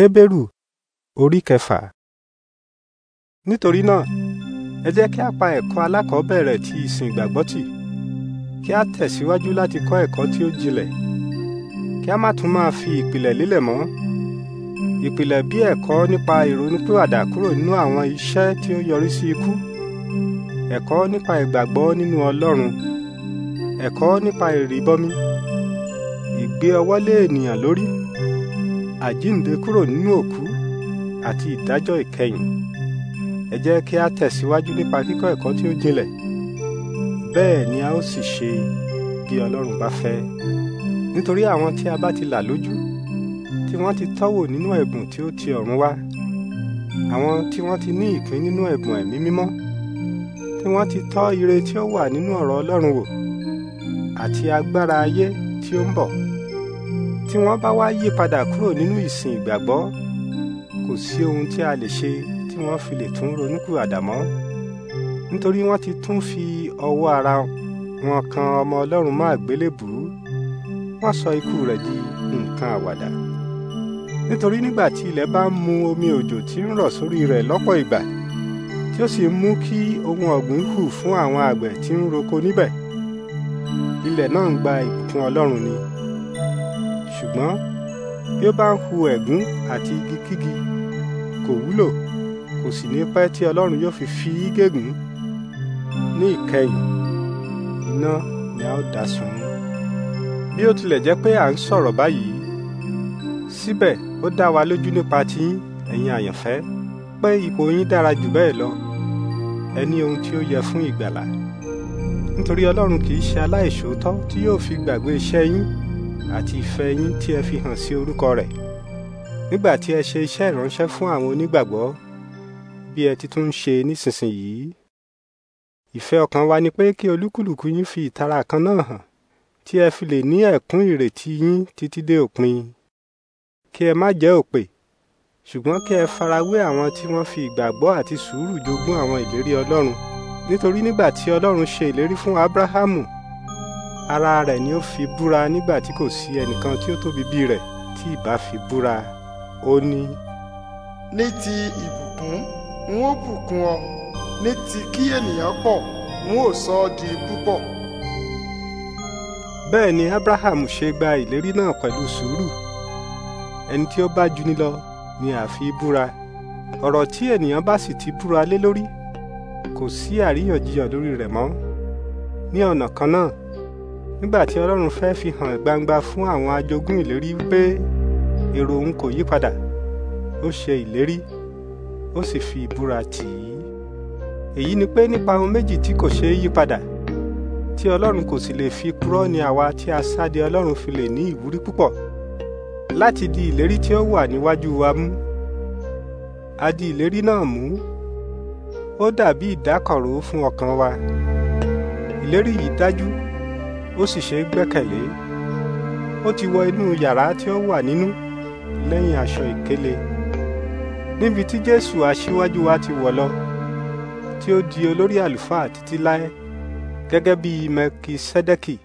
Heberu, orí kẹfà. Nítorí náà, ẹ jẹ́ kí a pa ẹ̀kọ́ alákọ̀ọ́bẹ̀rẹ̀ ti ìsìn ìgbàgbọ́ tì, kí a tẹ̀síwájú láti kọ́ ẹ̀kọ́ tí ó jinlẹ̀, kí a má tún máa fi ìpìlẹ̀ lélẹ̀ mọ́. Ìpìlẹ̀ bí ẹ̀kọ́ nípa ìrònúpìwàdà kúrò nínú àwọn iṣẹ́ tí ó yọrí sí ikú, ẹ̀kọ́ nípa ìgbàgbọ́ nínú Ọlọ́run, ẹ̀kọ́ nípa ìrìbọmi, ìgbé ọwọ́ ènìyàn lórí àjínde kúrò nínú òkú àti ìdájọ́ ìkẹyìn ẹ jẹ́ kí a tẹ̀síwájú nípa kíkọ́ ẹ̀kọ́ tí ó jinlẹ̀ bẹ́ẹ̀ ni a ó sì ṣe bí Ọlọ́run bá fẹ́ nítorí àwọn tí a bá ti là lójú tí wọ́n ti tọ́wò nínú ẹ̀bùn tí ó ti ọ̀run wá àwọn tí wọ́n ti ní ìpín nínú ẹ̀bùn ẹ̀mí mímọ́ tí wọ́n ti tọ́ ire tí ó wà nínú ọ̀rọ̀ Ọlọ́run wò àti agbára ayé tí ó ń bọ̀ tí wọ́n bá wá yí padà kúrò nínú ìsìn ìgbàgbọ́ kò sí ohun tí a lè ṣe tí wọ́n fi lè tún ronúkúwàdà mọ́ nítorí wọ́n ti tún fi ọwọ́ ara wọn kan ọmọ Ọlọ́run mọ́ àgbélébùú wọ́n sọ ikú rẹ̀ di nǹkan àwàdà nítorí nígbà tí ilẹ̀ bá ń mu omi òjò tí ń rọ̀ sórí rẹ̀ lọ́pọ̀ ìgbà tí ó sì mú kí ohun ọ̀gbìn hù fún àwọn àgbẹ̀ tí ń roko níbẹ̀ ilẹ̀ náà ń gba ìbùkún Ọlọ́run ni ṣùgbọ́n bí ó bá ń hu ẹ̀gún àti igikígi kò wúlò kò sì ní pẹ́ tí ọlọ́run yóò fi fi í gégùn ní ìkẹyìn iná ni a ó dà sun ún bí ó tilẹ̀ jẹ́ pé à ń sọ̀rọ̀ báyìí síbẹ̀ ó dá wa lójú nípa tiyín ẹ̀yin àyànfẹ́ pé ipò yín dára jù bẹ́ẹ̀ lọ ẹ ní ohun tí ó yẹ fún ìgbàlà nítorí ọlọ́run kì í ṣe aláìṣòótọ́ tí yóò fi gbàgbé iṣẹ́ yín àti ìfẹ́ yín tí ẹ fi hàn sí orúkọ rẹ̀ nígbà tí ẹ ṣe iṣẹ́ ìránṣẹ́ fún àwọn onígbàgbọ́ bí ẹ ti tún ń ṣe nísinsìnyí ìfẹ́ ọkàn wa ni pé kí olúkúlùkù yín fi ìtara kan náà hàn tí ẹ fi lè ní ẹ̀kún ìrètí yín títí dé òpin kí ẹ má jẹ́ òpè ṣùgbọ́n kí ẹ farawé àwọn tí wọ́n fi ìgbàgbọ́ àti sùúrù jogún àwọn ìlérí Ọlọ́run nítorí nígbà tí Ọlọ́run ṣe ìlérí fún Ábráhámù ara rẹ̀ ni ó fi búra nígbà tí kò sí ẹnìkan tí ó tóbi bí rẹ̀ tí ìbá fi búra ó ní. ní ti ìbùkún n ó bùkún ọ ní ti kí ènìyàn pọ̀ n ó sọ ọ di púpọ̀. bẹ́ẹ̀ ni abraham ṣe gba ìlérí náà pẹ̀lú sùúrù ẹni tí ó bá juni lọ ni a fi búra ọ̀rọ̀ tí ènìyàn bá sì ti búra lé lórí kò sí àríyànjiyàn lórí rẹ̀ mọ́ ní ọ̀nà kan náà nígbà tí ọlọ́run fẹ́ fi hàn gbangba fún àwọn ajogún ìlérí wípé èrò òun kò yí padà ó ṣe ìlérí ó sì fi ìbúra tì í èyí ni pé nípa ohun méjì tí kò ṣeé yí padà tí ọlọ́run kò sì lè fi purọ́ ni àwa tí a sáde ọlọ́run fi lè ní ìwúrí púpọ̀ láti di ìlérí tí ó wà níwájú wa mú a di ìlérí náà mú ó dàbí ìdákọ̀ró fún ọkàn wa ìlérí yìí dájú ó sì ṣe é gbẹ́kẹ̀lé ó ti wọ inú yàrá tí ó wà nínú lẹ́yìn aṣọ ìkélé níbi tí jésù aṣíwájú wa ti wọ̀ lọ tí ó di olórí àlùfáà títí láé gẹ́gẹ́ bí mẹkisédẹ́kì